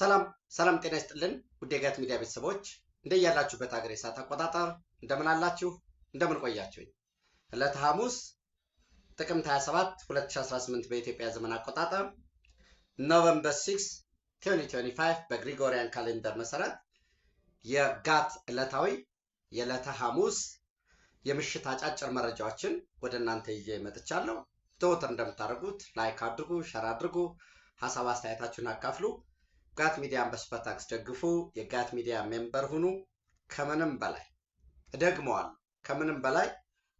ሰላም ሰላም፣ ጤና ይስጥልን ውድ የጋት ሚዲያ ቤተሰቦች እንደያላችሁበት ሀገር የሰዓት አቆጣጠር እንደምን አላችሁ? እንደምን ቆያችሁኝ? ዕለተ ሐሙስ ጥቅምት 27 2018 በኢትዮጵያ ዘመን አቆጣጠር ኖቨምበር 6 2025 በግሪጎሪያን ካሌንደር መሰረት የጋት ዕለታዊ የዕለተ ሐሙስ የምሽት አጫጭር መረጃዎችን ወደ እናንተ ይዤ መጥቻለሁ። ዘወትር እንደምታደርጉት ላይክ አድርጉ፣ ሸር አድርጉ፣ ሀሳብ አስተያየታችሁን አካፍሉ። ጋት ሚዲያን በሱፐርታክስ ደግፉ። የጋት ሚዲያ ሜምበር ሁኑ። ከምንም በላይ እደግመዋል፣ ከምንም በላይ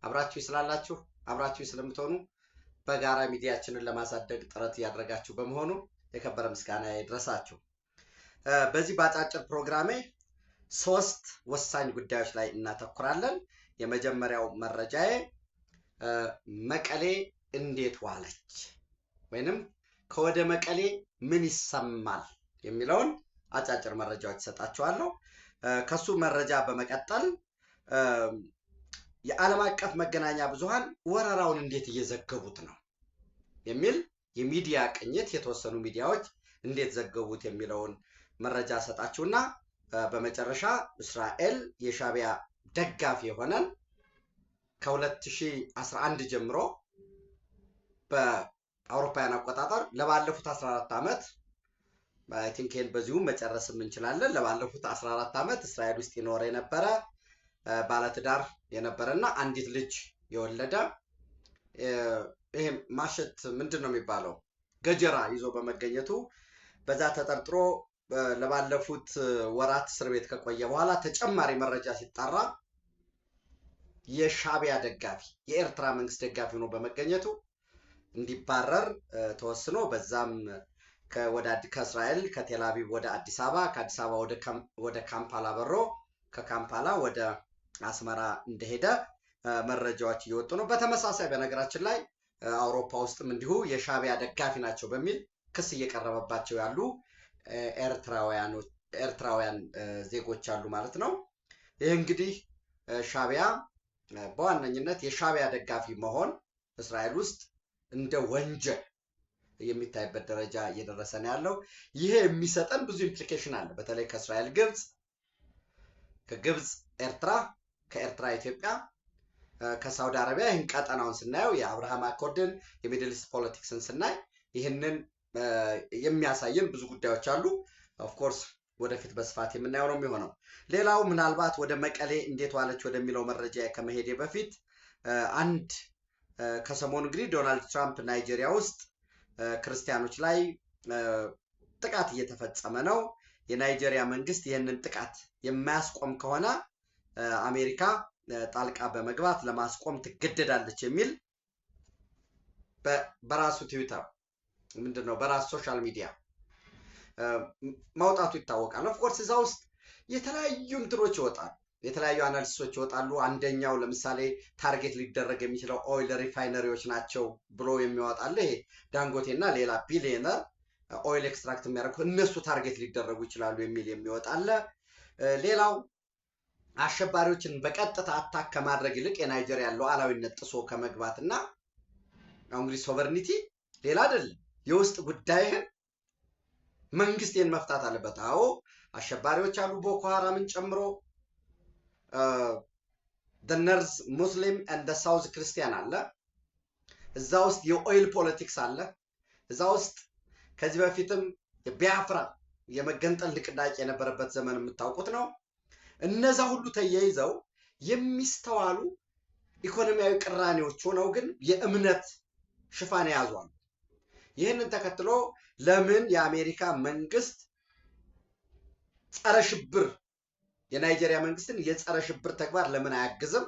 አብራችሁ ስላላችሁ አብራችሁ ስለምትሆኑ በጋራ ሚዲያችንን ለማሳደግ ጥረት እያደረጋችሁ በመሆኑ የከበረ ምስጋና ይድረሳችሁ። በዚህ በአጫጭር ፕሮግራሜ ሶስት ወሳኝ ጉዳዮች ላይ እናተኩራለን። የመጀመሪያው መረጃዬ መቀሌ እንዴት ዋለች ወይንም ከወደ መቀሌ ምን ይሰማል የሚለውን አጫጭር መረጃዎች ይሰጣችኋለሁ። ከሱ መረጃ በመቀጠል የዓለም አቀፍ መገናኛ ብዙሃን ወረራውን እንዴት እየዘገቡት ነው የሚል የሚዲያ ቅኝት የተወሰኑ ሚዲያዎች እንዴት ዘገቡት የሚለውን መረጃ ሰጣችሁና በመጨረሻ እስራኤል የሻቢያ ደጋፊ የሆነን ከ2011 ጀምሮ በአውሮፓውያን አቆጣጠር ለባለፉት 14 ዓመት ቲንክ በዚሁ በዚሁም መጨረስም እንችላለን። ለባለፉት 14 ዓመት እስራኤል ውስጥ ይኖር የነበረ ባለትዳር የነበረ እና አንዲት ልጅ የወለደ ይሄ ማሸት ምንድን ነው የሚባለው ገጀራ ይዞ በመገኘቱ በዛ ተጠርጥሮ ለባለፉት ወራት እስር ቤት ከቆየ በኋላ ተጨማሪ መረጃ ሲጣራ የሻቢያ ደጋፊ የኤርትራ መንግስት ደጋፊ ሆኖ በመገኘቱ እንዲባረር ተወስኖ በዛም ከእስራኤል ከቴላቪቭ ወደ አዲስ አበባ ከአዲስ አበባ ወደ ካምፓላ በሮ ከካምፓላ ወደ አስመራ እንደሄደ መረጃዎች እየወጡ ነው። በተመሳሳይ በነገራችን ላይ አውሮፓ ውስጥም እንዲሁ የሻቢያ ደጋፊ ናቸው በሚል ክስ እየቀረበባቸው ያሉ ኤርትራውያን ዜጎች አሉ ማለት ነው። ይህ እንግዲህ ሻቢያ በዋነኝነት የሻቢያ ደጋፊ መሆን እስራኤል ውስጥ እንደ ወንጀል የሚታይበት ደረጃ እየደረሰ ነው ያለው። ይሄ የሚሰጠን ብዙ ኢምፕሊኬሽን አለ። በተለይ ከእስራኤል ግብፅ፣ ከግብፅ ኤርትራ፣ ከኤርትራ ኢትዮጵያ፣ ከሳውዲ አረቢያ ይህን ቀጠናውን ስናየው የአብርሃም አኮርድን የሚድልስ ፖለቲክስን ስናይ ይህንን የሚያሳየን ብዙ ጉዳዮች አሉ። ኦፍኮርስ ወደፊት በስፋት የምናየው ነው የሚሆነው። ሌላው ምናልባት ወደ መቀሌ እንዴት ዋለች ወደሚለው መረጃ ከመሄዴ በፊት አንድ ከሰሞኑ እንግዲህ ዶናልድ ትራምፕ ናይጄሪያ ውስጥ ክርስቲያኖች ላይ ጥቃት እየተፈጸመ ነው። የናይጄሪያ መንግስት ይህንን ጥቃት የማያስቆም ከሆነ አሜሪካ ጣልቃ በመግባት ለማስቆም ትገደዳለች የሚል በራሱ ትዊተር ምንድን ነው በራሱ ሶሻል ሚዲያ ማውጣቱ ይታወቃል። ኦፍኮርስ እዛ ውስጥ የተለያዩ እንትኖች ይወጣል። የተለያዩ አናሊስቶች ይወጣሉ። አንደኛው ለምሳሌ ታርጌት ሊደረግ የሚችለው ኦይል ሪፋይነሪዎች ናቸው ብሎ የሚያወጣል። ይሄ እና ሌላ ቢሊየነር ኦይል ኤክስትራክት የሚያደርጉ እነሱ ታርጌት ሊደረጉ ይችላሉ የሚል የሚወጣለ። ሌላው አሸባሪዎችን በቀጥታ አታክ ከማድረግ ይልቅ የናይጀሪያ ሉዓላዊነት ጥሶ ከመግባት እና እንግዲህ ሶቨርኒቲ ሌላ አይደለም የውስጥ ጉዳይህን መንግስቴን መፍታት አለበት። አዎ አሸባሪዎች አሉ ቦኮ ሀራምን ጨምሮ ነርዝ ሙስሊም እንደ ሳውዝ ክርስቲያን አለ። እዛ ውስጥ የኦይል ፖለቲክስ አለ። እዛ ውስጥ ከዚህ በፊትም የቢያፍራ የመገንጠል ንቅናቄ የነበረበት ዘመን የምታውቁት ነው። እነዛ ሁሉ ተያይዘው የሚስተዋሉ ኢኮኖሚያዊ ቅራኔዎች ሆነው ግን የእምነት ሽፋን የያዟል። ይህንን ተከትሎ ለምን የአሜሪካ መንግስት ጸረ ሽብር የናይጄሪያ መንግስትን የጸረ ሽብር ተግባር ለምን አያግዝም?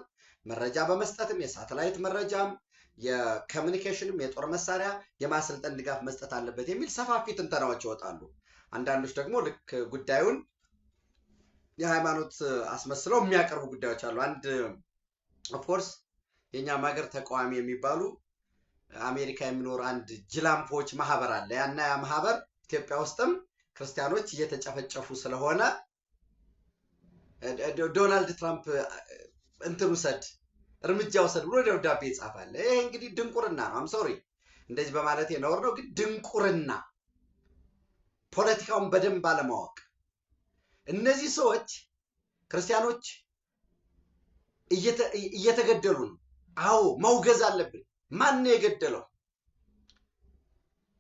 መረጃ በመስጠትም የሳተላይት መረጃም የኮሚኒኬሽንም የጦር መሳሪያ የማሰልጠን ድጋፍ መስጠት አለበት የሚል ሰፋፊ ትንተናዎች ይወጣሉ። አንዳንዶች ደግሞ ልክ ጉዳዩን የሃይማኖት አስመስለው የሚያቀርቡ ጉዳዮች አሉ። አንድ ኦፍኮርስ የእኛም ሀገር ተቃዋሚ የሚባሉ አሜሪካ የሚኖር አንድ ጅላምፎች ማህበር አለ። ያና ያ ማህበር ኢትዮጵያ ውስጥም ክርስቲያኖች እየተጨፈጨፉ ስለሆነ ዶናልድ ትራምፕ እንትን ውሰድ እርምጃ ውሰድ ብሎ ደብዳቤ ይጻፋል። ይሄ እንግዲህ ድንቁርና ነው። አም ሶሪ እንደዚህ በማለት የነወር ነው፣ ግን ድንቁርና፣ ፖለቲካውን በደንብ አለማወቅ። እነዚህ ሰዎች ክርስቲያኖች እየተገደሉ ነው። አዎ መውገዝ አለብን። ማን ነው የገደለው?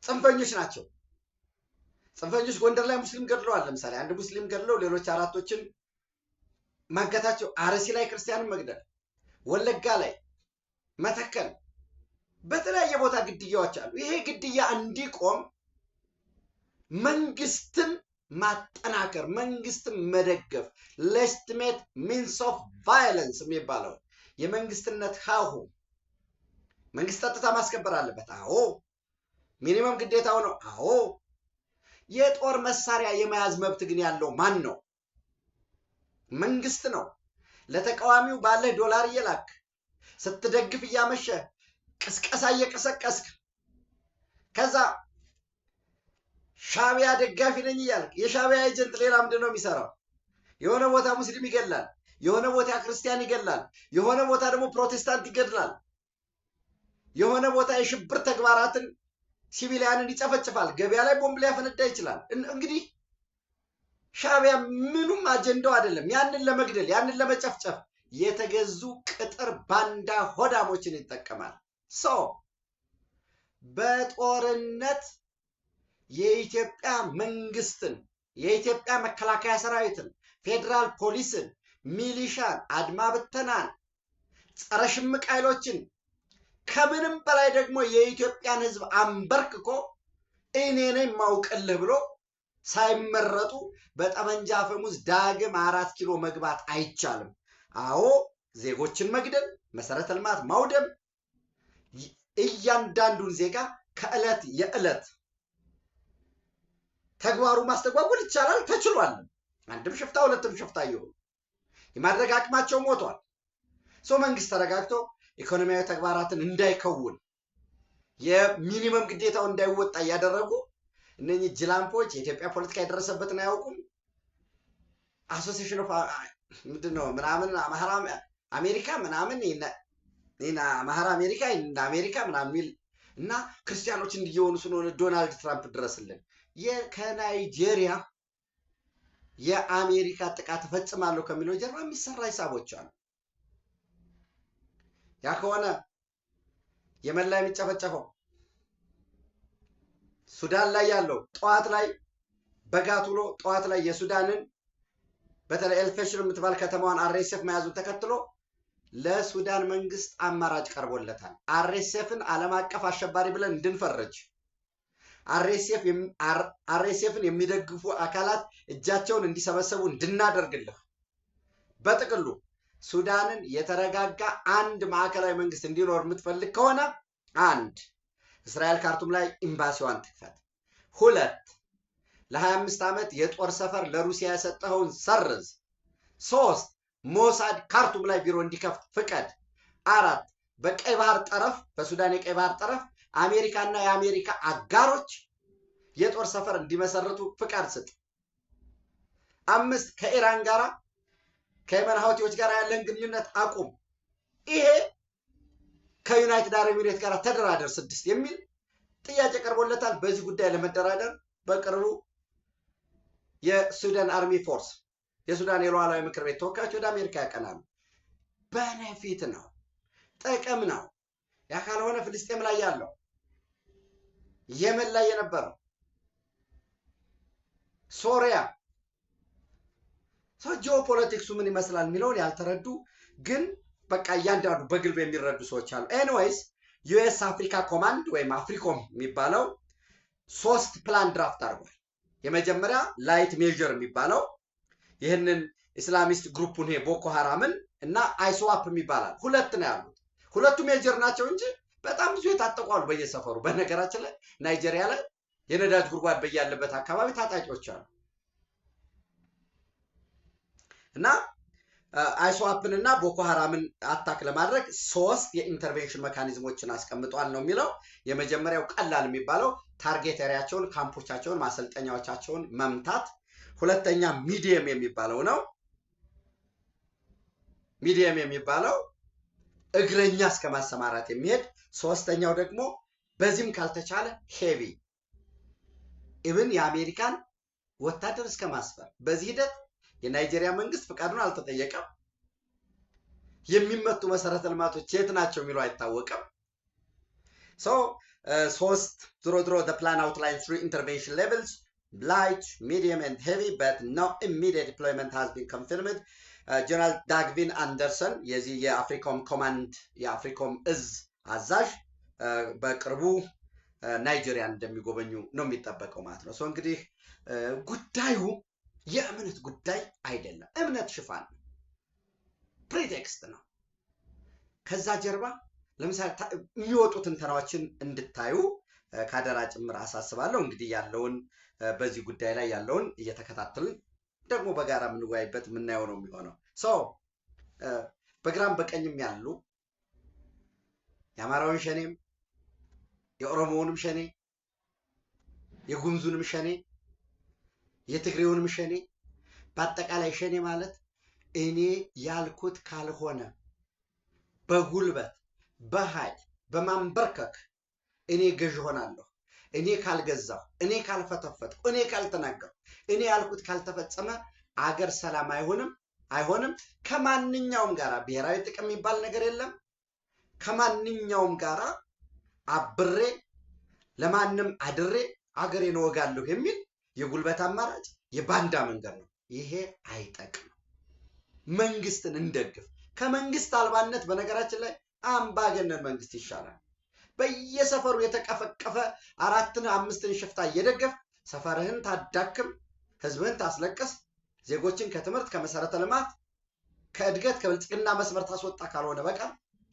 ጽንፈኞች ናቸው። ጽንፈኞች ጎንደር ላይ ሙስሊም ገድለዋል። ለምሳሌ አንድ ሙስሊም ገድለው ሌሎች አራቶችን ማገታቸው፣ አርሲ ላይ ክርስቲያንን መግደል፣ ወለጋ ላይ መተከል፣ በተለያየ ቦታ ግድያዎች አሉ። ይሄ ግድያ እንዲቆም መንግስትን ማጠናከር፣ መንግስትን መደገፍ ሌጅቲሜት ሚንስ ኦፍ ቫዮለንስ የሚባለው የመንግስትነት ሀሁ መንግስት ጸጥታ ማስከበር አለበት። አዎ ሚኒመም ግዴታው ነው። አዎ የጦር መሳሪያ የመያዝ መብት ግን ያለው ማን ነው? መንግስት ነው። ለተቃዋሚው ባለ ዶላር እየላክ ስትደግፍ እያመሸ ቅስቀሳ እየቀሰቀስክ ከዛ ሻቢያ ደጋፊ ነኝ እያልክ የሻቢያ ኤጀንት ሌላ ምንድን ነው የሚሰራው? የሆነ ቦታ ሙስሊም ይገላል፣ የሆነ ቦታ ክርስቲያን ይገላል፣ የሆነ ቦታ ደግሞ ፕሮቴስታንት ይገድላል፣ የሆነ ቦታ የሽብር ተግባራትን ሲቪሊያንን ይጨፈጭፋል፣ ገበያ ላይ ቦምብ ሊያፈነዳ ይችላል። እንግዲህ ሻቢያ ምኑም አጀንዳው አይደለም። ያንን ለመግደል ያንን ለመጨፍጨፍ የተገዙ ቅጥር ባንዳ ሆዳሞችን ይጠቀማል። ሶ በጦርነት የኢትዮጵያ መንግስትን፣ የኢትዮጵያ መከላከያ ሰራዊትን፣ ፌዴራል ፖሊስን፣ ሚሊሻን፣ አድማ ብተናን፣ ጸረ ሽምቅ ኃይሎችን ከምንም በላይ ደግሞ የኢትዮጵያን ሕዝብ አንበርክኮ እኔ ነኝ ማውቅልህ ብሎ ሳይመረጡ በጠመንጃ አፈሙዝ ዳግም አራት ኪሎ መግባት አይቻልም። አዎ ዜጎችን መግደል፣ መሰረተ ልማት ማውደም፣ እያንዳንዱን ዜጋ ከዕለት የዕለት ተግባሩ ማስተጓጎል ይቻላል፣ ተችሏል። አንድም ሽፍታ ሁለትም ሽፍታ እየሆኑ የማድረግ አቅማቸው ሞቷል። ሰው መንግስት ተረጋግቶ ኢኮኖሚያዊ ተግባራትን እንዳይከውን የሚኒመም ግዴታው እንዳይወጣ እያደረጉ እነኚህ ጅላምፖች የኢትዮጵያ ፖለቲካ የደረሰበትን አያውቁም። አሶሲሽን ኦፍ ምንድን ነው ምናምን አማራ አሜሪካ ምናምን ይና አማራ አሜሪካ እንደ አሜሪካ ምናምን የሚል እና ክርስቲያኖች እንዲየሆኑ ስለሆነ ዶናልድ ትራምፕ ድረስልን ከናይጄሪያ የአሜሪካ ጥቃት እፈጽማለሁ ከሚለው ጀርባ የሚሰራ ሂሳቦች አሉ። ያ ከሆነ የመላ የሚጨፈጨፈው ሱዳን ላይ ያለው ጠዋት ላይ በጋት ውሎ ጠዋት ላይ የሱዳንን በተለይ ኤልፌሽር የምትባል ከተማዋን አሬሴፍ መያዙን ተከትሎ ለሱዳን መንግስት አማራጭ ቀርቦለታል። አሬሴፍን ዓለም አቀፍ አሸባሪ ብለን እንድንፈረጅ አሬሴፍን የሚደግፉ አካላት እጃቸውን እንዲሰበሰቡ እንድናደርግልህ፣ በጥቅሉ ሱዳንን የተረጋጋ አንድ ማዕከላዊ መንግስት እንዲኖር የምትፈልግ ከሆነ አንድ እስራኤል ካርቱም ላይ ኤምባሲዋን ትክፈት። ሁለት ለ25 ዓመት የጦር ሰፈር ለሩሲያ የሰጠኸውን ሰርዝ። ሶስት ሞሳድ ካርቱም ላይ ቢሮ እንዲከፍት ፍቀድ። አራት በቀይ ባህር ጠረፍ በሱዳን የቀይ ባህር ጠረፍ አሜሪካና የአሜሪካ አጋሮች የጦር ሰፈር እንዲመሰርቱ ፍቃድ ስጥ። አምስት ከኢራን ጋራ ከየመን ሀውቲዎች ጋር ያለን ግንኙነት አቁም። ይሄ ከዩናይትድ አረብ ኤሚሬት ጋር ተደራደር ስድስት የሚል ጥያቄ ቀርቦለታል። በዚህ ጉዳይ ለመደራደር በቅርቡ የሱዳን አርሚ ፎርስ የሱዳን የሉዓላዊ ምክር ቤት ተወካዮች ወደ አሜሪካ ያቀናሉ። በነፊት ነው፣ ጥቅም ነው። ያ ካልሆነ ፍልስጤም ላይ ያለው የመን ላይ የነበረው ሶሪያ ሰው ጂኦፖለቲክሱ ምን ይመስላል የሚለውን ያልተረዱ ግን በቃ እያንዳንዱ በግልብ የሚረዱ ሰዎች አሉ። ኤኒዌይስ ዩኤስ አፍሪካ ኮማንድ ወይም አፍሪኮም የሚባለው ሶስት ፕላን ድራፍት አድርጓል። የመጀመሪያ ላይት ሜዥር የሚባለው ይህንን ኢስላሚስት ግሩፑን ይሄ ቦኮ ሀራምን እና አይስዋፕ የሚባላል ሁለት ነው ያሉት። ሁለቱ ሜጀር ናቸው እንጂ በጣም ብዙ የታጠቁ አሉ በየሰፈሩ። በነገራችን ላይ ናይጄሪያ ላይ የነዳጅ ጉድጓድ በያለበት አካባቢ ታጣቂዎች አሉ እና አይሶአፕንና ቦኮ ሀራምን አታክ ለማድረግ ሶስት የኢንተርቬንሽን መካኒዝሞችን አስቀምጧል ነው የሚለው። የመጀመሪያው ቀላል የሚባለው ታርጌት ካምፖቻቸውን፣ ማሰልጠኛዎቻቸውን መምታት። ሁለተኛ ሚዲየም የሚባለው ነው። ሚዲየም የሚባለው እግረኛ እስከ ማሰማራት የሚሄድ ሶስተኛው ደግሞ በዚህም ካልተቻለ ሄቪ ኢብን የአሜሪካን ወታደር እስከ ማስፈር በዚህ ሂደት የናይጄሪያ መንግስት ፍቃዱን አልተጠየቀም። የሚመቱ መሰረተ ልማቶች የት ናቸው የሚለው አይታወቅም። ሰው ሶስት ድሮ ድሮ ፕላን አውትላይን ስሪ ኢንተርቬንሽን ሌቭልስ ላይት ሚዲየም ኤንድ ሄቪ በት ኖ ኢሚዲየት ዲፕሎይመንት ሃዝ ቢን ኮንፊርምድ ጀነራል ዳግቪን አንደርሰን የዚህ የአፍሪኮም ኮማንድ የአፍሪኮም እዝ አዛዥ በቅርቡ ናይጄሪያን እንደሚጎበኙ ነው የሚጠበቀው ማለት ነው። ሰው እንግዲህ ጉዳዩ የእምነት ጉዳይ አይደለም። እምነት ሽፋን ነው፣ ፕሪቴክስት ነው። ከዛ ጀርባ ለምሳሌ የሚወጡ ትንተናዎችን እንድታዩ ካደራ ጭምር አሳስባለሁ። እንግዲህ ያለውን በዚህ ጉዳይ ላይ ያለውን እየተከታተልን ደግሞ በጋራ የምንወያይበት የምናየው ነው የሚሆነው። ሰው በግራም በቀኝም ያሉ የአማራውን ሸኔም የኦሮሞውንም ሸኔ የጉምዙንም ሸኔ የትግሬውንም ሸኔ በአጠቃላይ ሸኔ ማለት እኔ ያልኩት ካልሆነ በጉልበት በኃይል በማንበርከክ እኔ ገዥ ሆናለሁ፣ እኔ ካልገዛሁ፣ እኔ ካልፈተፈትኩ፣ እኔ ካልተናገሩ እኔ ያልኩት ካልተፈጸመ አገር ሰላም አይሆንም አይሆንም። ከማንኛውም ጋራ ብሔራዊ ጥቅም የሚባል ነገር የለም። ከማንኛውም ጋራ አብሬ ለማንም አድሬ አገሬን እወጋለሁ የሚል የጉልበት አማራጭ የባንዳ መንገድ ነው። ይሄ አይጠቅም። መንግስትን እንደግፍ። ከመንግስት አልባነት በነገራችን ላይ አምባገነን መንግስት ይሻላል። በየሰፈሩ የተቀፈቀፈ አራትን አምስትን ሽፍታ እየደገፍ ሰፈርህን ታዳክም፣ ህዝብህን ታስለቅስ፣ ዜጎችን ከትምህርት ከመሰረተ ልማት ከእድገት ከብልጽግና መስመር ታስወጣ ካልሆነ በቀር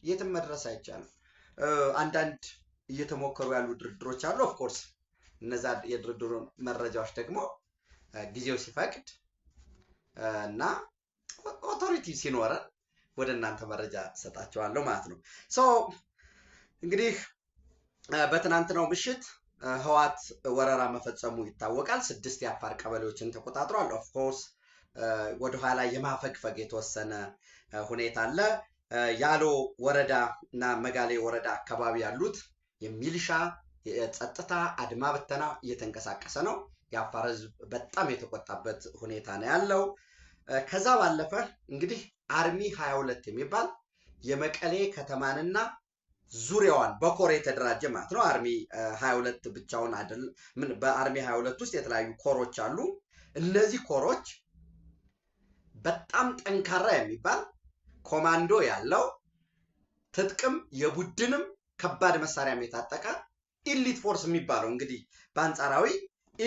የትም መድረስ አይቻልም። አንዳንድ እየተሞከሩ ያሉ ድርድሮች አሉ ኦፍኮርስ እነዛ የድርድሩ መረጃዎች ደግሞ ጊዜው ሲፈቅድ እና ኦቶሪቲ ሲኖረን ወደ እናንተ መረጃ ሰጣቸዋለሁ ማለት ነው። ሶ እንግዲህ በትናንትናው ምሽት ህዋት ወረራ መፈጸሙ ይታወቃል። ስድስት የአፋር ቀበሌዎችን ተቆጣጥሯል። ኦፍኮርስ ወደኋላ የማፈግፈግ የተወሰነ ሁኔታ አለ። ያሎ ወረዳ እና መጋሌ ወረዳ አካባቢ ያሉት የሚልሻ የጸጥታ አድማ ብተና እየተንቀሳቀሰ ነው። የአፋር ህዝብ በጣም የተቆጣበት ሁኔታ ነው ያለው። ከዛ ባለፈ እንግዲህ አርሚ 22 የሚባል የመቀሌ ከተማንና ዙሪያዋን በኮር የተደራጀ ማለት ነው። አርሚ 22 ብቻውን አይደል። ምን በአርሚ 22 ውስጥ የተለያዩ ኮሮች አሉ። እነዚህ ኮሮች በጣም ጠንካራ የሚባል ኮማንዶ ያለው ትጥቅም የቡድንም ከባድ መሳሪያም የታጠቀ ኢሊት ፎርስ የሚባለው እንግዲህ በአንጻራዊ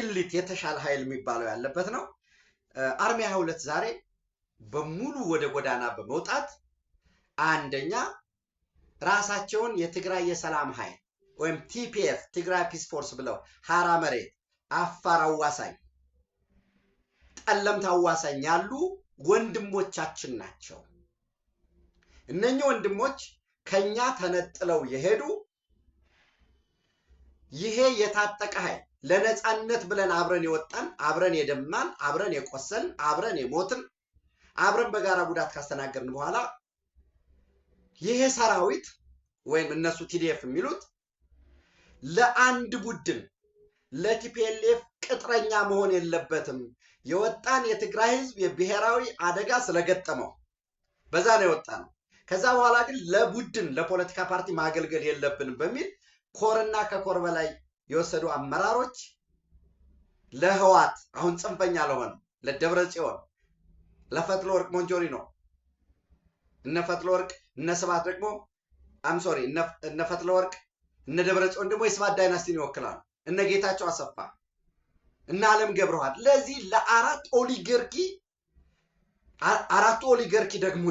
ኢሊት የተሻለ ኃይል የሚባለው ያለበት ነው። አርሚ 22 ዛሬ በሙሉ ወደ ጎዳና በመውጣት አንደኛ ራሳቸውን የትግራይ የሰላም ኃይል ወይም ቲፒኤፍ ትግራይ ፒስ ፎርስ ብለው ሀራ መሬት፣ አፋር አዋሳኝ፣ ጠለምት አዋሳኝ ያሉ ወንድሞቻችን ናቸው። እነኚህ ወንድሞች ከኛ ተነጥለው የሄዱ ይሄ የታጠቀ ኃይል ለነፃነት ብለን አብረን የወጣን አብረን የደማን አብረን የቆሰልን አብረን የሞትን አብረን በጋራ ጉዳት ካስተናገርን በኋላ ይሄ ሰራዊት ወይም እነሱ ቲዲኤፍ የሚሉት ለአንድ ቡድን ለቲፒኤልኤፍ ቅጥረኛ መሆን የለበትም። የወጣን የትግራይ ህዝብ የብሔራዊ አደጋ ስለገጠመው በዛ ነው የወጣ ነው። ከዛ በኋላ ግን ለቡድን ለፖለቲካ ፓርቲ ማገልገል የለብንም በሚል ኮርና ከኮር በላይ የወሰዱ አመራሮች ለህዋት አሁን ጽንፈኛ ለሆነ ለደብረ ጽዮን ለፈትለ ወርቅ ሞንጆሪ ነው። እነ ፈትለ ወርቅ እነ ስብሐት ደግሞ አምሶሪ እነ ፈትለ ወርቅ እነ ደብረ ጽዮን ደግሞ የስብሐት ዳይናስቲን ይወክላሉ። እነ ጌታቸው አሰፋ እነ አለም ገብረዋል። ለዚህ ለአራት ኦሊገርኪ አራቱ ኦሊገርኪ ደግሞ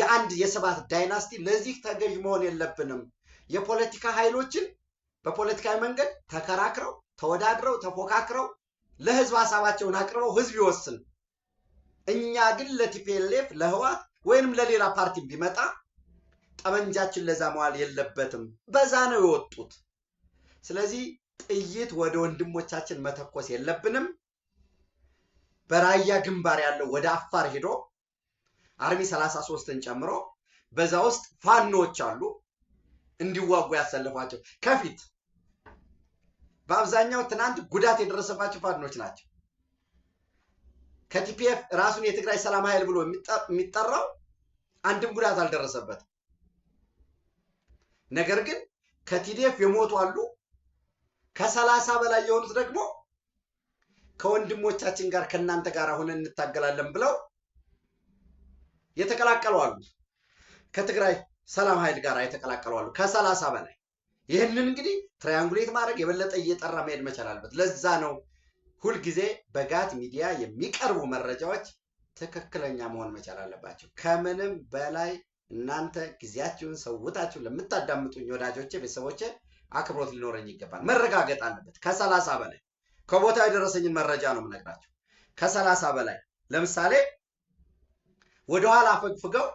የአንድ የስብሐት ዳይናስቲ ለዚህ ተገዥ መሆን የለብንም። የፖለቲካ ኃይሎችን በፖለቲካዊ መንገድ ተከራክረው ተወዳድረው ተፎካክረው ለህዝብ ሀሳባቸውን አቅርበው ህዝብ ይወስን። እኛ ግን ለቲፒኤልኤፍ ለህዋት ወይንም ለሌላ ፓርቲ ቢመጣ ጠመንጃችን ለዛ መዋል የለበትም። በዛ ነው የወጡት። ስለዚህ ጥይት ወደ ወንድሞቻችን መተኮስ የለብንም። በራያ ግንባር ያለው ወደ አፋር ሄዶ አርሚ 33ን ጨምሮ በዛ ውስጥ ፋኖዎች አሉ፣ እንዲዋጉ ያሰለፏቸው ከፊት በአብዛኛው ትናንት ጉዳት የደረሰባቸው ፋኖች ናቸው። ከቲፒኤፍ ራሱን የትግራይ ሰላም ኃይል ብሎ የሚጠራው አንድም ጉዳት አልደረሰበትም። ነገር ግን ከቲዲኤፍ የሞቱ አሉ። ከሰላሳ በላይ የሆኑት ደግሞ ከወንድሞቻችን ጋር ከእናንተ ጋር ሆነን እንታገላለን ብለው የተቀላቀሉ አሉ ከትግራይ ሰላም ኃይል ጋር አሉ ከሰላሳ በላይ ይህንን እንግዲህ ትራያንጉሌት ማድረግ የበለጠ እየጠራ መሄድ መቻል አለበት። ለዛ ነው ሁልጊዜ በጋት ሚዲያ የሚቀርቡ መረጃዎች ትክክለኛ መሆን መቻል አለባቸው። ከምንም በላይ እናንተ ጊዜያችሁን ሰውታችሁን ለምታዳምጡኝ ወዳጆቼ፣ ቤተሰቦቼ አክብሮት ሊኖረኝ ይገባል። መረጋገጥ አለበት። ከሰላሳ በላይ ከቦታ የደረሰኝን መረጃ ነው የምነግራቸው። ከሰላሳ በላይ ለምሳሌ ወደኋላ አፈግፍገው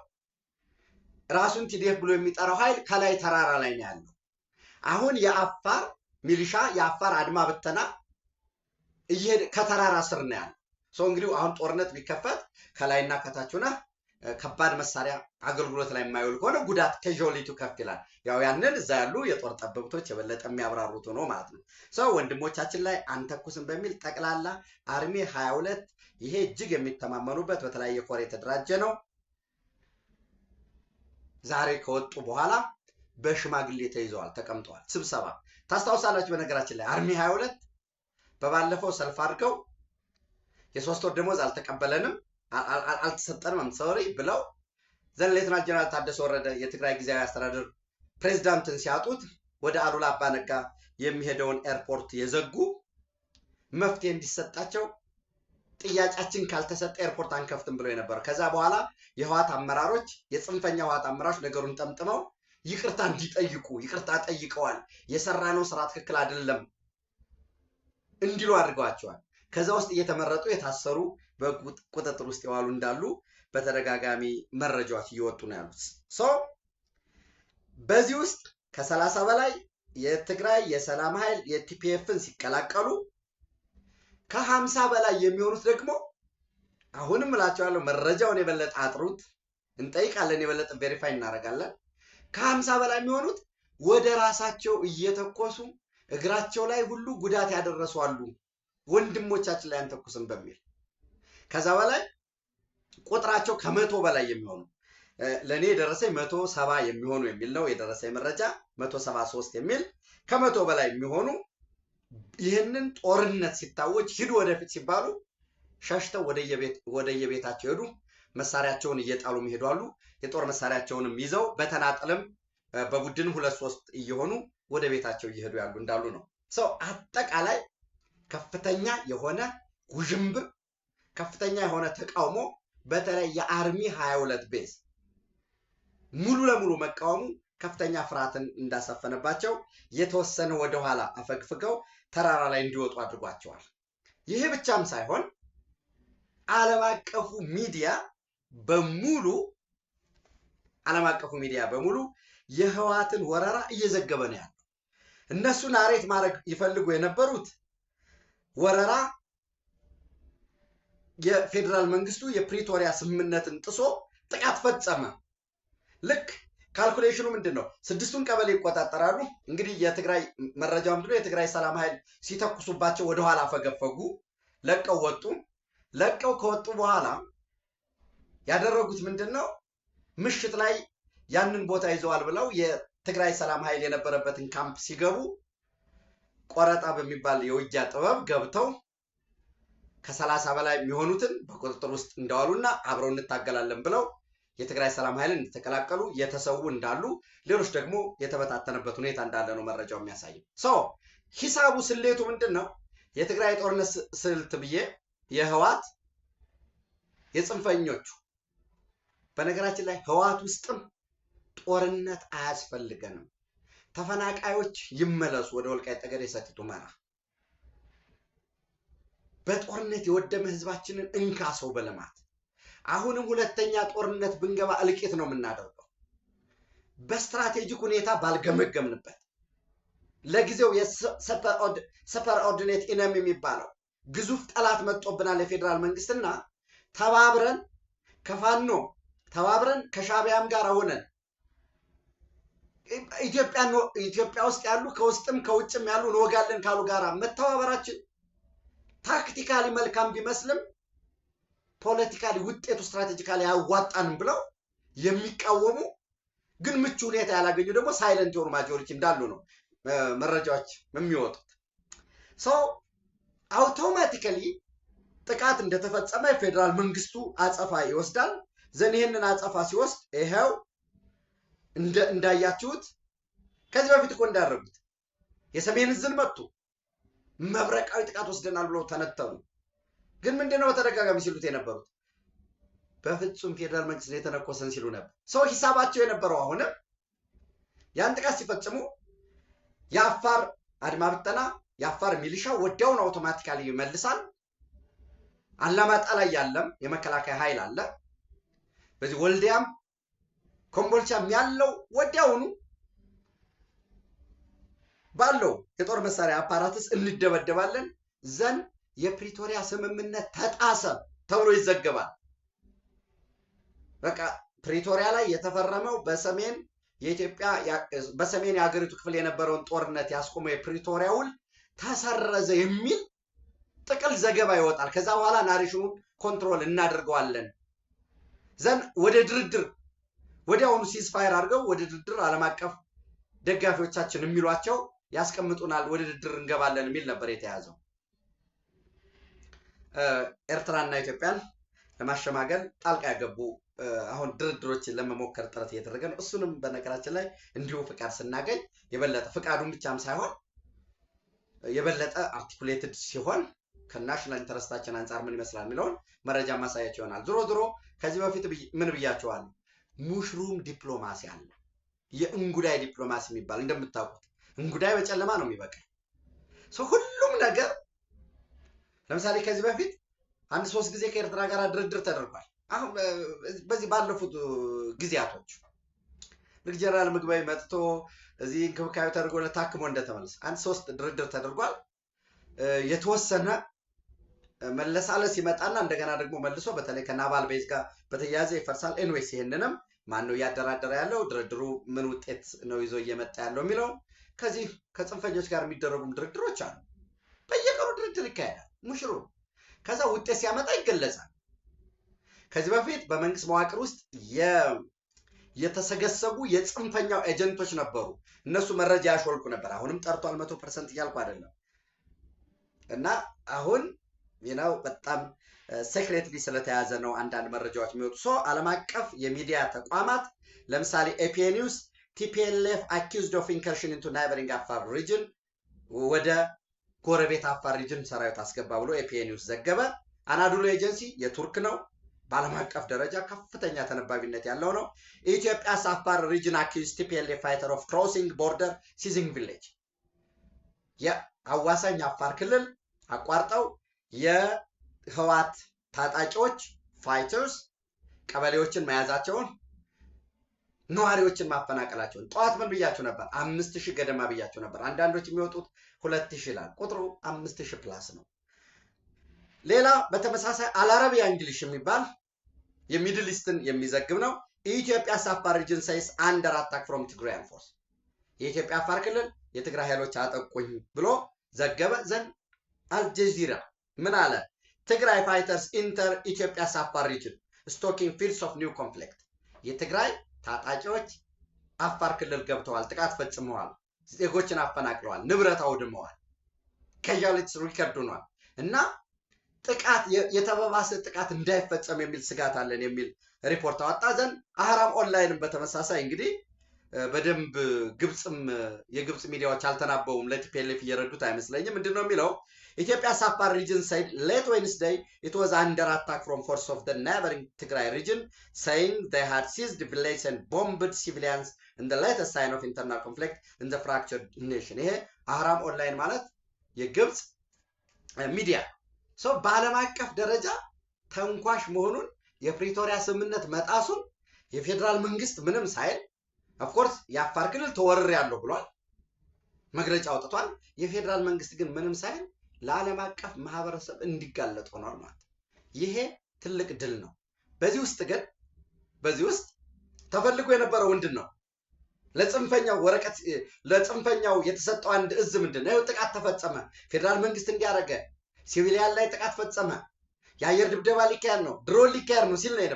ራሱን ቲዲኤፍ ብሎ የሚጠራው ኃይል ከላይ ተራራ ላይ ነው ያለው። አሁን የአፋር ሚሊሻ የአፋር አድማ ብተና እየሄደ ከተራራ ስር ነው ያለው። ሰው እንግዲህ አሁን ጦርነት ቢከፈት ከላይና ከታች ከባድ መሳሪያ አገልግሎት ላይ የማይውል ከሆነ ጉዳት ከዦሊቱ ከፍ ይላል። ያው ያንን እዛ ያሉ የጦር ጠበብቶች የበለጠ የሚያብራሩት ሆኖ ማለት ነው። ሰው ወንድሞቻችን ላይ አንተኩስም በሚል ጠቅላላ አርሜ 22 ይሄ እጅግ የሚተማመኑበት በተለያየ ኮር የተደራጀ ነው። ዛሬ ከወጡ በኋላ በሽማግሌ ተይዘዋል፣ ተቀምጠዋል። ስብሰባ ታስታውሳላችሁ። በነገራችን ላይ አርሚ 22 በባለፈው ሰልፍ አድርገው የሶስት ወር ደሞዝ አልተቀበለንም አልተሰጠንም ሰሪ ብለው ዘን ሌተናል ጀነራል ታደሰ ወረደ የትግራይ ጊዜያዊ አስተዳደር ፕሬዚዳንትን ሲያጡት ወደ አሉላ አባነጋ የሚሄደውን ኤርፖርት የዘጉ መፍትሄ እንዲሰጣቸው ጥያቄያችን ካልተሰጠ ኤርፖርት አንከፍትም ብሎ የነበረው። ከዛ በኋላ የህዋት አመራሮች የጽንፈኛ ህዋት አመራሮች ነገሩን ጠምጥመው ይቅርታ እንዲጠይቁ ይቅርታ ጠይቀዋል። የሰራነው ስራ ትክክል አይደለም እንዲሉ አድርገዋቸዋል። ከዛ ውስጥ እየተመረጡ የታሰሩ በቁጥጥር ውስጥ የዋሉ እንዳሉ በተደጋጋሚ መረጃዎች እየወጡ ነው ያሉት። ሶ በዚህ ውስጥ ከሰላሳ በላይ የትግራይ የሰላም ኃይል የቲፒኤፍን ሲቀላቀሉ ከሀምሳ በላይ የሚሆኑት ደግሞ አሁንም እላቸዋለሁ መረጃውን የበለጠ አጥሩት፣ እንጠይቃለን፣ የበለጠ ቬሪፋይ እናደርጋለን። ከሀምሳ በላይ የሚሆኑት ወደ ራሳቸው እየተኮሱ እግራቸው ላይ ሁሉ ጉዳት ያደረሱ አሉ። ወንድሞቻችን ላይ አንተኩስም በሚል ከዛ በላይ ቁጥራቸው ከመቶ በላይ የሚሆኑ ለእኔ የደረሰኝ መቶ ሰባ የሚሆኑ የሚል ነው የደረሰኝ መረጃ መቶ ሰባ ሶስት የሚል ከመቶ በላይ የሚሆኑ ይህንን ጦርነት ሲታወጅ ሂዱ ወደፊት ሲባሉ ሸሽተው ወደየቤታቸው ሄዱ። መሳሪያቸውን እየጣሉ የሚሄዱ የጦር መሳሪያቸውንም ይዘው በተናጠልም በቡድን ሁለት ሶስት እየሆኑ ወደ ቤታቸው እየሄዱ ያሉ እንዳሉ ነው። ሰው አጠቃላይ ከፍተኛ የሆነ ውዥንብር፣ ከፍተኛ የሆነ ተቃውሞ በተለይ የአርሚ 22 ቤዝ ሙሉ ለሙሉ መቃወሙ ከፍተኛ ፍርሃትን እንዳሰፈነባቸው የተወሰነ ወደኋላ አፈግፍገው ተራራ ላይ እንዲወጡ አድርጓቸዋል። ይሄ ብቻም ሳይሆን ዓለም አቀፉ ሚዲያ በሙሉ ዓለም አቀፉ ሚዲያ በሙሉ የህወሓትን ወረራ እየዘገበ ነው ያለው። እነሱ ናሬት ማድረግ ይፈልጉ የነበሩት ወረራ የፌዴራል መንግስቱ የፕሪቶሪያ ስምምነትን ጥሶ ጥቃት ፈጸመ ልክ ካልኩሌሽኑ ምንድን ነው? ስድስቱን ቀበሌ ይቆጣጠራሉ። እንግዲህ የትግራይ መረጃው ምንድን ነው? የትግራይ ሰላም ኃይል ሲተኩሱባቸው ወደኋላ ፈገፈጉ፣ ለቀው ወጡ። ለቀው ከወጡ በኋላ ያደረጉት ምንድን ነው? ምሽት ላይ ያንን ቦታ ይዘዋል ብለው የትግራይ ሰላም ኃይል የነበረበትን ካምፕ ሲገቡ ቆረጣ በሚባል የውጊያ ጥበብ ገብተው ከሰላሳ በላይ የሚሆኑትን በቁጥጥር ውስጥ እንደዋሉና አብረው እንታገላለን ብለው የትግራይ ሰላም ኃይልን እንደተቀላቀሉ የተሰዉ እንዳሉ፣ ሌሎች ደግሞ የተበታተነበት ሁኔታ እንዳለ ነው መረጃው የሚያሳየው። ሰው ሂሳቡ ስሌቱ ምንድን ነው? የትግራይ ጦርነት ስልት ብዬ የህዋት የጽንፈኞቹ በነገራችን ላይ ህዋት ውስጥም ጦርነት አያስፈልገንም፣ ተፈናቃዮች ይመለሱ ወደ ወልቃይት ጠገዴ፣ ሰቲት ሁመራ በጦርነት የወደመ ህዝባችንን እንካሰው ሰው በልማት አሁንም ሁለተኛ ጦርነት ብንገባ እልቂት ነው የምናደርገው። በስትራቴጂክ ሁኔታ ባልገመገምንበት ለጊዜው የሰፐር ኦርዲኔት ኢነም የሚባለው ግዙፍ ጠላት መጥቶብናል። የፌዴራል መንግስትና ተባብረን ከፋኖ ተባብረን ከሻቢያም ጋር ሆነን ኢትዮጵያ ውስጥ ያሉ ከውስጥም ከውጭም ያሉ እንወጋለን ካሉ ጋራ መተባበራችን ታክቲካሊ መልካም ቢመስልም ፖለቲካሊ ውጤቱ ስትራቴጂካሊ አያዋጣንም ብለው የሚቃወሙ ግን ምቹ ሁኔታ ያላገኙ ደግሞ ሳይለንት የሆኑ ማጆሪቲ እንዳሉ ነው መረጃዎች የሚወጡት። ሰው አውቶማቲካሊ ጥቃት እንደተፈጸመ የፌዴራል መንግስቱ አጸፋ ይወስዳል። ዘን ይህንን አጸፋ ሲወስድ ይኸው እንዳያችሁት ከዚህ በፊት እኮ እንዳደረጉት የሰሜን ህዝብን መቱ፣ መብረቃዊ ጥቃት ወስደናል ብለው ተነተኑ። ግን ምንድነው በተደጋጋሚ ሲሉት የነበሩት በፍጹም ፌዴራል መንግስት ነው የተነኮሰን ሲሉ ነበር። ሰው ሂሳባቸው የነበረው አሁንም ያን ጥቃት ሲፈጽሙ የአፋር አድማ ብጠና የአፋር ሚሊሻ ወዲያውን አውቶማቲካሊ ይመልሳል። አላማጣ ላይ ያለም የመከላከያ ኃይል አለ። በዚህ ወልዲያም ኮምቦልቻም ያለው ወዲያውኑ ባለው የጦር መሳሪያ አፓራትስ እንደበደባለን ዘንድ የፕሪቶሪያ ስምምነት ተጣሰ ተብሎ ይዘገባል። በቃ ፕሪቶሪያ ላይ የተፈረመው በሰሜን የኢትዮጵያ በሰሜን የሀገሪቱ ክፍል የነበረውን ጦርነት ያስቆመው የፕሪቶሪያ ውል ተሰረዘ የሚል ጥቅል ዘገባ ይወጣል። ከዛ በኋላ ናሬሽኑን ኮንትሮል እናደርገዋለን ዘን ወደ ድርድር ወዲያውኑ ሲዝፋየር አድርገው ወደ ድርድር ዓለም አቀፍ ደጋፊዎቻችን የሚሏቸው ያስቀምጡናል፣ ወደ ድርድር እንገባለን የሚል ነበር የተያዘው። ኤርትራና ኢትዮጵያን ለማሸማገል ጣልቃ ያገቡ አሁን ድርድሮችን ለመሞከር ጥረት እየተደረገ ነው። እሱንም በነገራችን ላይ እንዲሁ ፍቃድ ስናገኝ የበለጠ ፍቃዱን ብቻም ሳይሆን የበለጠ አርቲኩሌትድ ሲሆን ከናሽናል ኢንተረስታችን አንጻር ምን ይመስላል የሚለውን መረጃ ማሳያቸው ይሆናል። ዞሮ ዞሮ ከዚህ በፊት ምን ብያቸዋል? ሙሽሩም ዲፕሎማሲ አለ፣ የእንጉዳይ ዲፕሎማሲ የሚባል እንደምታውቁት እንጉዳይ በጨለማ ነው የሚበቅል ሁሉም ነገር ለምሳሌ ከዚህ በፊት አንድ ሶስት ጊዜ ከኤርትራ ጋር ድርድር ተደርጓል። አሁን በዚህ ባለፉት ጊዜያቶች ልክ ጀነራል ምግባዊ መጥቶ እዚህ እንክብካቤ ተደርጎ ለታክሞ እንደተመለሰ አንድ ሶስት ድርድር ተደርጓል። የተወሰነ አለ ይመጣና እንደገና ደግሞ መልሶ በተለይ ከናቫል ቤዝ ጋር በተያያዘ ይፈርሳል። ኤንዌስ ይህንንም ማን ነው እያደራደረ ያለው ድርድሩ ምን ውጤት ነው ይዞ እየመጣ ያለው የሚለው ከዚህ ከጽንፈኞች ጋር የሚደረጉም ድርድሮች አሉ። ድርድር ይካሄዳል። ሙሽሩ ከዛ ውጤት ሲያመጣ ይገለጻል። ከዚህ በፊት በመንግስት መዋቅር ውስጥ የተሰገሰጉ የጽንፈኛው ኤጀንቶች ነበሩ። እነሱ መረጃ ያሾልኩ ነበር። አሁንም ጠርቷል። መቶ ፐርሰንት እያልኩ አይደለም። እና አሁን ነው በጣም ሴክሬትሊ ስለተያዘ ነው አንዳንድ መረጃዎች የሚወጡ ሰው ዓለም አቀፍ የሚዲያ ተቋማት ለምሳሌ ኤፒኤ ኒውስ ቲፒኤልኤፍ አኪውዝድ ኦፍ ኢንከርሽን ኢንቱ ናይበሪንግ አፋር ሪጅን ወደ ጎረቤት አፋር ሪጅን ሰራዊት አስገባ ብሎ ኤፒኤ ኒውስ ዘገበ። አናዶሎ ኤጀንሲ የቱርክ ነው። በዓለም አቀፍ ደረጃ ከፍተኛ ተነባቢነት ያለው ነው። ኢትዮጵያ አፋር ሪጅን አኪዝ ቲፒኤልኤ ፋይተር ኦፍ ክሮሲንግ ቦርደር ሲዚንግ ቪሌጅ የአዋሳኝ አፋር ክልል አቋርጠው የህዋት ታጣቂዎች ፋይተርስ ቀበሌዎችን መያዛቸውን ነዋሪዎችን ማፈናቀላቸውን ጠዋት ምን ብያቸው ነበር? አምስት ሺህ ገደማ ብያቸው ነበር። አንዳንዶች የሚወጡት ሁለት ሺህ ይላል። ቁጥሩ አምስት ሺህ ፕላስ ነው። ሌላ በተመሳሳይ አልአረቢያ እንግሊሽ የሚባል የሚድል ኢስትን የሚዘግብ ነው። ኢትዮጵያ ሳፋር ሪጅን ሳይስ አንደር አታክ ፍሮም ትግራያን ፎርስ የኢትዮጵያ አፋር ክልል የትግራይ ኃይሎች አጠቁኝ ብሎ ዘገበ። ዘን አልጀዚራ ምን አለ? ትግራይ ፋይተርስ ኢንተር ኢትዮጵያ ሳፋር ሪጅን ስቶኪንግ ፊልድስ ኦፍ ኒው ኮንፍሊክት የትግራይ ታጣቂዎች አፋር ክልል ገብተዋል፣ ጥቃት ፈጽመዋል፣ ዜጎችን አፈናቅለዋል፣ ንብረት አውድመዋል፣ ከያሊት ሪከርድ ሆኗል እና ጥቃት የተባባሰ ጥቃት እንዳይፈጸም የሚል ስጋት አለን የሚል ሪፖርት አወጣ ዘንድ አህራም ኦንላይንም በተመሳሳይ እንግዲህ በደንብ ግብፅም የግብፅ ሚዲያዎች አልተናበቡም። ለቲፒኤልኤፍ እየረዱት አይመስለኝም። ምንድን ነው የሚለው Ethiopia Sapar region said late Wednesday it was under attack from forces of the neighboring Tigray region, saying they had seized villages and bombed civilians in the latest sign of internal conflict in the fractured nation. ይሄ አህራም ኦንላይን ማለት የግብፅ ሚዲያ ሰው በዓለም አቀፍ ደረጃ ተንኳሽ መሆኑን የፕሪቶሪያ ስምምነት መጣሱን የፌዴራል መንግስት ምንም ሳይል ኦፍኮርስ የአፋር ክልል ተወርር ያለው ብሏል፣ መግለጫ አውጥቷል። የፌዴራል መንግስት ግን ምንም ሳይል ለዓለም አቀፍ ማህበረሰብ እንዲጋለጥ ሆኗል ማለት ነው። ይሄ ትልቅ ድል ነው። በዚህ ውስጥ ግን በዚህ ውስጥ ተፈልጎ የነበረው ምንድን ነው? ለጽንፈኛው ወረቀት ለጽንፈኛው የተሰጠው አንድ እዝ ምንድን ነው? ጥቃት ተፈጸመ፣ ፌዴራል መንግስት እንዲያደረገ ሲቪሊያን ላይ ጥቃት ፈጸመ፣ የአየር ድብደባ ሊካሄድ ነው፣ ድሮን ሊካሄድ ነው ሲል ነው ሄደ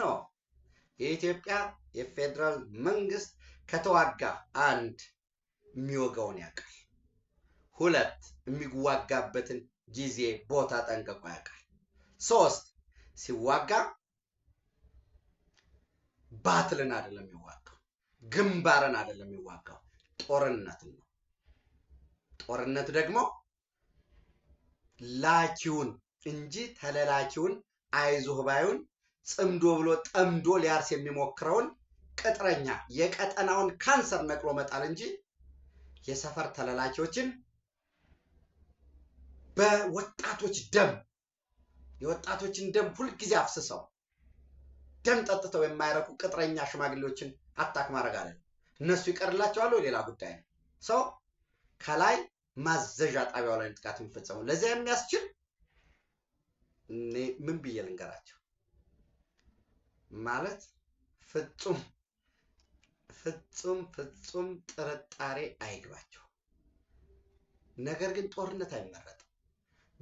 ኖ የኢትዮጵያ የፌዴራል መንግስት ከተዋጋ አንድ የሚወጋውን ያውቃል፣ ሁለት የሚዋጋበትን ጊዜ ቦታ ጠንቅቆ ያውቃል። ሶስት ሲዋጋ ባትልን አይደለም የሚዋጋው፣ ግንባርን አይደለም የሚዋጋው፣ ጦርነትን ነው። ጦርነት ደግሞ ላኪውን እንጂ ተለላኪውን አይዞህ ባዩን ጽምዶ ብሎ ጠምዶ ሊያርስ የሚሞክረውን ቅጥረኛ የቀጠናውን ካንሰር ነቅሎ መጣል እንጂ የሰፈር ተለላኪዎችን በወጣቶች ደም የወጣቶችን ደም ሁልጊዜ አፍስሰው ደም ጠጥተው የማይረኩ ቅጥረኛ ሽማግሌዎችን አታክ ማድረግ አለ። እነሱ ይቀርላቸዋል፣ ሌላ ጉዳይ ነው። ሰው ከላይ ማዘዣ ጣቢያው ላይ ጥቃት የሚፈጸመው ለዚያ የሚያስችል እኔ ምን ብዬ ልንገራቸው ማለት ፍጹም ፍጹም ፍጹም ጥርጣሬ አይግባቸው። ነገር ግን ጦርነት አይመረጥም።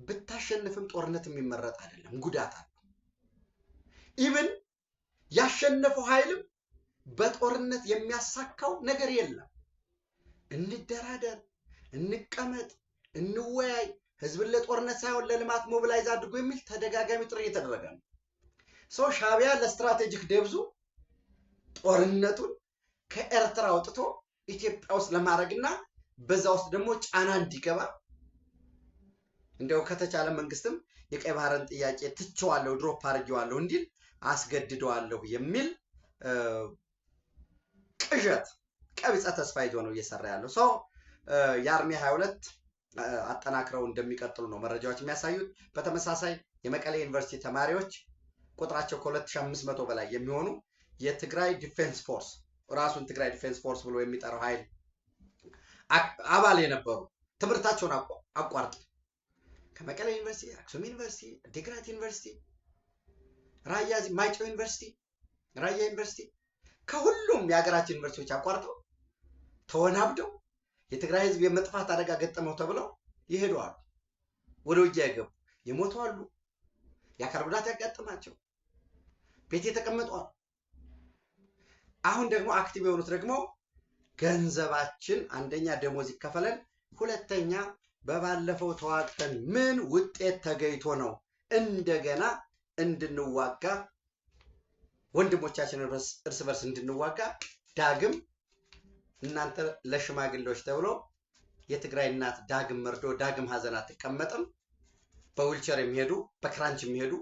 ብታሸንፍም ጦርነት የሚመረጥ አይደለም፣ ጉዳት አለው። ኢብን ያሸነፈው ኃይልም በጦርነት የሚያሳካው ነገር የለም። እንደራደር፣ እንቀመጥ፣ እንወያይ፣ ህዝብን ለጦርነት ሳይሆን ለልማት ሞብላይዝ አድርጎ የሚል ተደጋጋሚ ጥሪ እየተደረገ ነው። ሰው ሻቢያ ለስትራቴጂክ ደብዙ ጦርነቱን ከኤርትራ አውጥቶ ኢትዮጵያ ውስጥ ለማድረግና በዛ ውስጥ ደግሞ ጫና እንዲገባ እንደው ከተቻለ መንግስትም የቀይ ባህርን ጥያቄ ትቼዋለሁ፣ ድሮፕ አድርጌዋለሁ እንዲል አስገድደዋለሁ የሚል ቅዠት ቀቢጸ ተስፋ ይዞ ነው እየሰራ ያለው ሰው የአርሜ 22 አጠናክረው እንደሚቀጥሉ ነው መረጃዎች የሚያሳዩት። በተመሳሳይ የመቀሌ ዩኒቨርሲቲ ተማሪዎች ቁጥራቸው ከ2500 በላይ የሚሆኑ የትግራይ ዲፌንስ ፎርስ ራሱን ትግራይ ዲፌንስ ፎርስ ብሎ የሚጠራው ኃይል አባል የነበሩ ትምህርታቸውን አቋርጠው ከመቀለ ዩኒቨርሲቲ፣ አክሱም ዩኒቨርሲቲ፣ ዲግራት ዩኒቨርሲቲ፣ ራያ ማይጨው ዩኒቨርሲቲ፣ ራያ ዩኒቨርሲቲ ከሁሉም የሀገራችን ዩኒቨርሲቲዎች አቋርጠው ተወናብደው የትግራይ ህዝብ የመጥፋት አደጋ ገጠመው ተብለው ይሄደዋሉ። ወደ ውጊያ ይገቡ የሞቱ አሉ። የአካል ጉዳት ያጋጥማቸው ቤት የተቀመጠዋል። አሁን ደግሞ አክቲቭ የሆኑት ደግሞ ገንዘባችን አንደኛ ደሞዝ ይከፈለን፣ ሁለተኛ በባለፈው ተዋግተን ምን ውጤት ተገኝቶ ነው እንደገና እንድንዋጋ ወንድሞቻችን እርስ በርስ እንድንዋጋ ዳግም እናንተ ለሽማግሌዎች ተብሎ የትግራይ እናት ዳግም መርዶ ዳግም ሀዘን አትቀመጥም። በዊልቸር የሚሄዱ በክራንች የሚሄዱ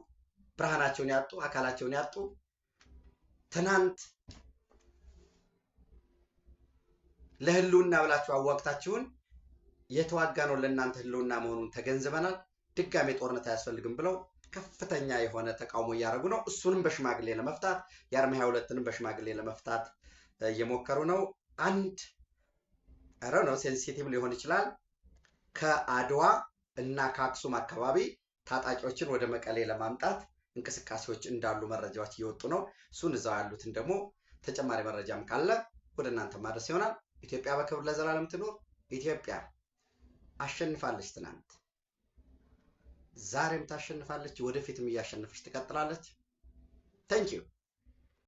ብርሃናቸውን ያጡ አካላቸውን ያጡ ትናንት ለህልውና ብላችሁ አዋግታችሁን የተዋጋ ነው ለእናንተ ህልውና መሆኑን ተገንዝበናል፣ ድጋሜ ጦርነት አያስፈልግም ብለው ከፍተኛ የሆነ ተቃውሞ እያደረጉ ነው። እሱንም በሽማግሌ ለመፍታት የአርማ ሃያ ሁለትንም በሽማግሌ ለመፍታት እየሞከሩ ነው። አንድ ረ ነው ሴንሲቲቭ ሊሆን ይችላል። ከአድዋ እና ከአክሱም አካባቢ ታጣቂዎችን ወደ መቀሌ ለማምጣት እንቅስቃሴዎች እንዳሉ መረጃዎች እየወጡ ነው። እሱን እዛው ያሉትን ደግሞ ተጨማሪ መረጃም ካለ ወደ እናንተ ማድረስ ይሆናል። ኢትዮጵያ በክብር ለዘላለም ትኖር። ኢትዮጵያ አሸንፋለች። ትናንት ዛሬም ታሸንፋለች። ወደፊትም እያሸነፈች ትቀጥላለች። ተንኪው